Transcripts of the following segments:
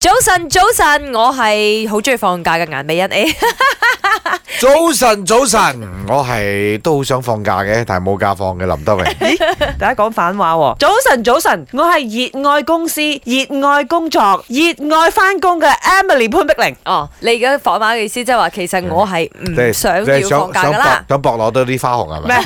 早晨，早晨，我係好中意放假嘅顏美欣。早晨，早晨，我係都好想放假嘅，但係冇假放嘅林德榮。大家講反話。早晨，早晨，我係熱愛公司、熱愛工作、熱愛翻工嘅 Emily 潘碧玲。哦，你而家反話嘅意思，即係話其實我係唔想要放假噶啦。想博攞多啲花紅係咪？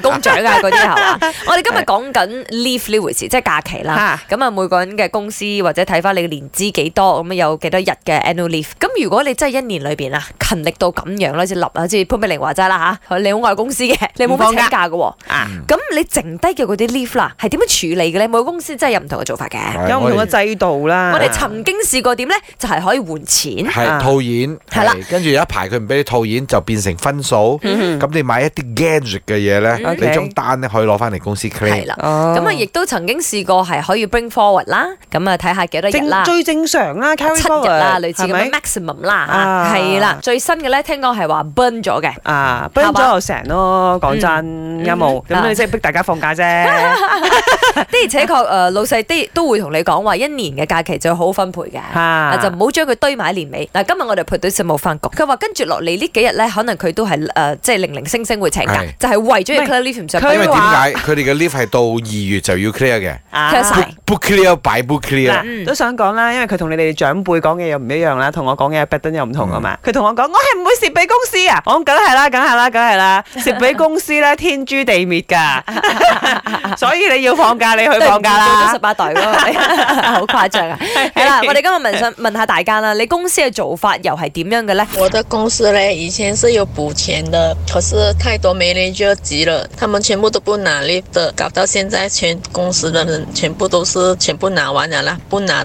工獎啊嗰啲係嘛？我哋今日講緊 leave 呢回事，即係假期啦。咁啊，每個人嘅公司或者睇。睇翻你嘅年資幾多，咁啊有幾多日嘅 annual leave？咁如果你真係一年裏邊啊勤力到咁樣咯，好似立，好似潘美玲話齋啦嚇，你好愛公司嘅，你冇乜請假嘅喎。咁、啊、你剩低嘅嗰啲 leave 啦，係點樣處理嘅咧？每個公司真係有唔同嘅做法嘅，有唔同嘅制度啦。我哋曾經試過點咧，就係、是、可以換錢。套現，係啦、嗯嗯。跟住有一排佢唔俾你套現，就變成分數。咁、嗯嗯、你買一啲 gadget 嘅嘢咧，你張單咧可以攞翻嚟公司 claim。係啦。咁、哦、啊，亦都曾經試過係可以 bring forward 啦。咁啊，睇下幾多。正最正常啦、啊，Carry、七日啦、啊啊，類似咁樣 maximum 啦、啊，係、啊、啦。最新嘅咧，聽講係話 burn 咗嘅，啊 burn 咗又成咯。講真，有冇咁你即係逼大家放假啫。 的而且確，誒、啊、老細的都會同你講話，一年嘅假期就要好分配嘅、啊啊，就唔好將佢堆埋一年尾。嗱，今日我哋配對食務飯局，佢話跟住落嚟呢幾日咧，可能佢都係誒，即、呃、係、就是、零零星星會請假，就係、是、為咗要 clear leave 唔出。因為點解佢哋嘅 leave 係到二月就要 clear 嘅、啊、，book clear 擺 book clear、嗯。嗯想講啦，因為佢同你哋長輩講嘅又唔一樣啦，跟我說不同我講嘅八登又唔同啊嘛。佢、嗯、同我講，我係唔會蝕俾公司啊，我梗係啦，梗係啦，梗係啦，蝕俾公司咧，天誅地滅噶。 所以你要放假，你去放假啦。做到十八代咯、那個， 好誇張啊！係 啦是、啊 啊，我哋今日問問下大家啦，你公司嘅做法又係點樣嘅咧？我的公司咧以前是要補錢的，可是太多美女就急了，他們全部都不拿的，搞到現在全公司的人全部都是全部拿完了啦，不拿。